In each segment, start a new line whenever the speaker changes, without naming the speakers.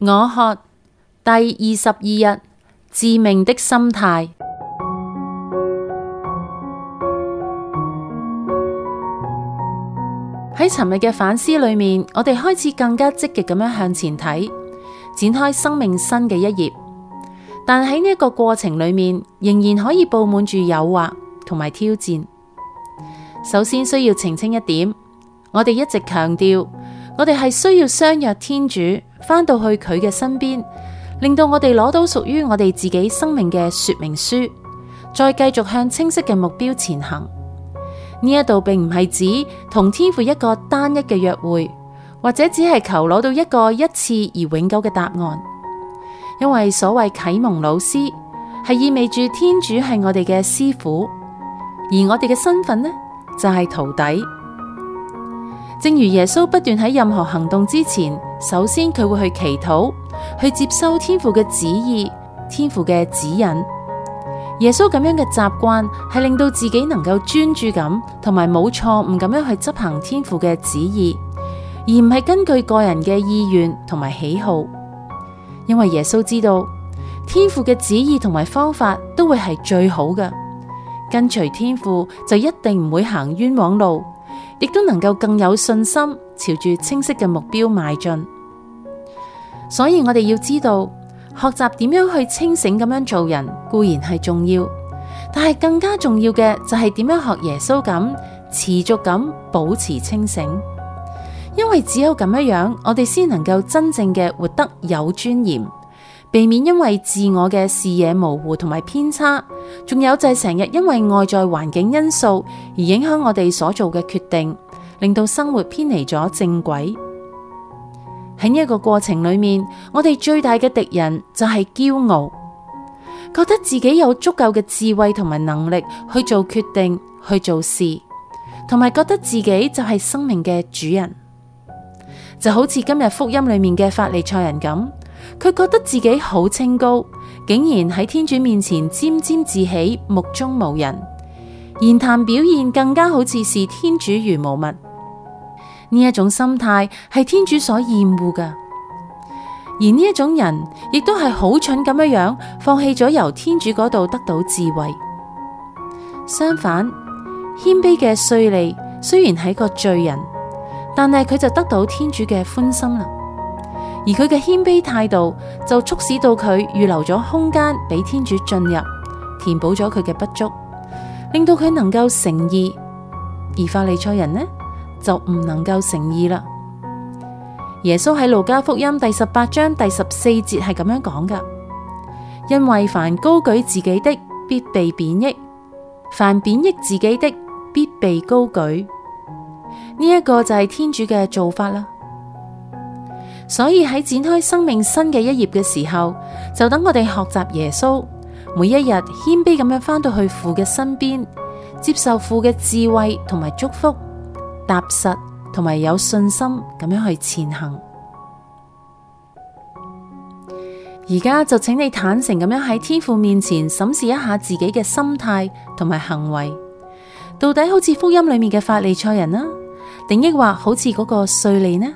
我渴第二十二日，致命的心態。喺尋日嘅反思裏面，我哋開始更加積極咁樣向前睇，展開生命新嘅一頁。但喺呢個過程裏面，仍然可以佈滿住誘惑同埋挑戰。首先需要澄清一點，我哋一直強調。我哋係需要相約天主，翻到去佢嘅身邊，令到我哋攞到屬於我哋自己生命嘅說明書，再繼續向清晰嘅目標前行。呢一度並唔係指同天父一個單一嘅約會，或者只係求攞到一個一次而永久嘅答案。因為所謂啟蒙老師，係意味住天主係我哋嘅師傅，而我哋嘅身份呢就係徒弟。正如耶穌不斷喺任何行動之前，首先佢會去祈禱，去接收天父嘅旨意、天父嘅指引。耶穌咁樣嘅習慣係令到自己能夠專注咁，同埋冇錯誤咁樣去執行天父嘅旨意，而唔係根據個人嘅意願同埋喜好。因為耶穌知道天父嘅旨意同埋方法都會係最好嘅，跟隨天父就一定唔會行冤枉路。亦都能夠更有信心，朝住清晰嘅目標邁進，所以我哋要知道學習點樣去清醒咁樣做人固然係重要，但係更加重要嘅就係點樣學耶穌咁持續咁保持清醒，因為只有咁樣樣，我哋先能夠真正嘅活得有尊嚴。避免因為自我嘅視野模糊同埋偏差，仲有就係成日因為外在環境因素而影響我哋所做嘅決定，令到生活偏離咗正軌。喺呢一個過程裏面，我哋最大嘅敵人就係驕傲，覺得自己有足夠嘅智慧同埋能力去做決定、去做事，同埋覺得自己就係生命嘅主人，就好似今日福音裏面嘅法利塞人咁。佢覺得自己好清高，竟然喺天主面前沾沾自喜、目中無人，言談表現更加好似是天主如無物。呢一種心態係天主所厭惡噶，而呢一種人亦都係好蠢咁樣樣，放棄咗由天主嗰度得到智慧。相反，謙卑嘅稅吏雖然係個罪人，但係佢就得到天主嘅歡心啦。而佢嘅謙卑態度就促使到佢預留咗空間俾天主進入，填補咗佢嘅不足，令到佢能夠成義。而法利塞人呢就唔能夠成義啦。耶穌喺路加福音第十八章第十四節係咁樣講㗎：因為凡高舉自己的必被貶抑，凡貶抑自己的必被高舉。呢、這、一個就係天主嘅做法啦。所以喺展開生命新嘅一頁嘅時候，就等我哋學習耶穌，每一日謙卑咁樣翻到去父嘅身邊，接受父嘅智慧同埋祝福，踏實同埋有信心咁樣去前行。而家就請你坦誠咁樣喺天父面前審視一下自己嘅心態同埋行為，到底好似福音裏面嘅法利賽人啦，定抑或好似嗰個稅吏呢？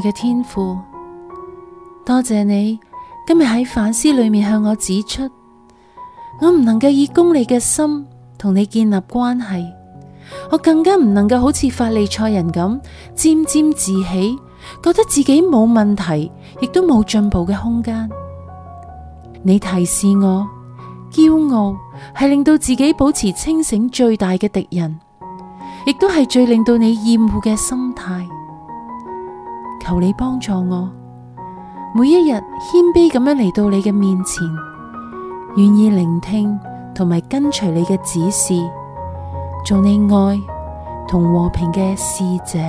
嘅天父，多謝你今日喺反思裏面向我指出，我唔能夠以功利嘅心同你建立關係，我更加唔能夠好似法利塞人咁沾沾自喜，覺得自己冇問題，亦都冇進步嘅空間。你提示我，驕傲係令到自己保持清醒最大嘅敵人，亦都係最令到你厭惡嘅心態。求你幫助我，每一日謙卑咁樣嚟到你嘅面前，願意聆聽同埋跟隨你嘅指示，做你愛同和、和平嘅使者。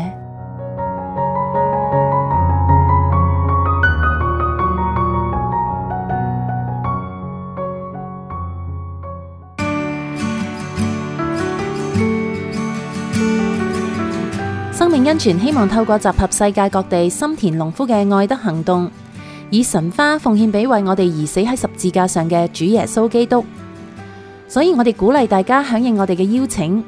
生命恩泉，希望透過集合世界各地心田農夫嘅愛德行動，以神花奉獻俾為我哋而死喺十字架上嘅主耶穌基督。所以我哋鼓勵大家響應我哋嘅邀請，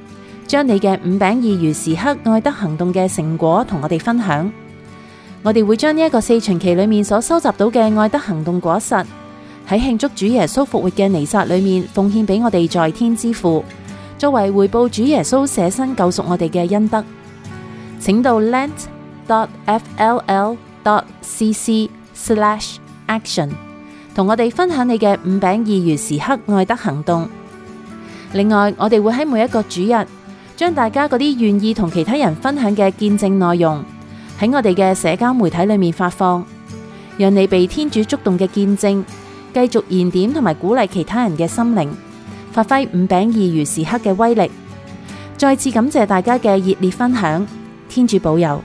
將你嘅五餅二魚時刻愛德行動嘅成果同我哋分享。我哋會將呢一個四旬期裏面所收集到嘅愛德行動果實，喺慶祝主耶穌復活嘅彌撒裏面奉獻俾我哋在天之父，作為回報主耶穌捨身救贖我哋嘅恩德。請到 lent dot fll dot cc slash action 同我哋分享你嘅五餅二魚時刻愛德行動。另外，我哋會喺每一個主日，將大家嗰啲願意同其他人分享嘅見證內容，喺我哋嘅社交媒體裏面發放，讓你被天主觸動嘅見證繼續燃點，同埋鼓勵其他人嘅心靈，發揮五餅二魚時刻嘅威力。再次感謝大家嘅熱烈分享。天主保佑。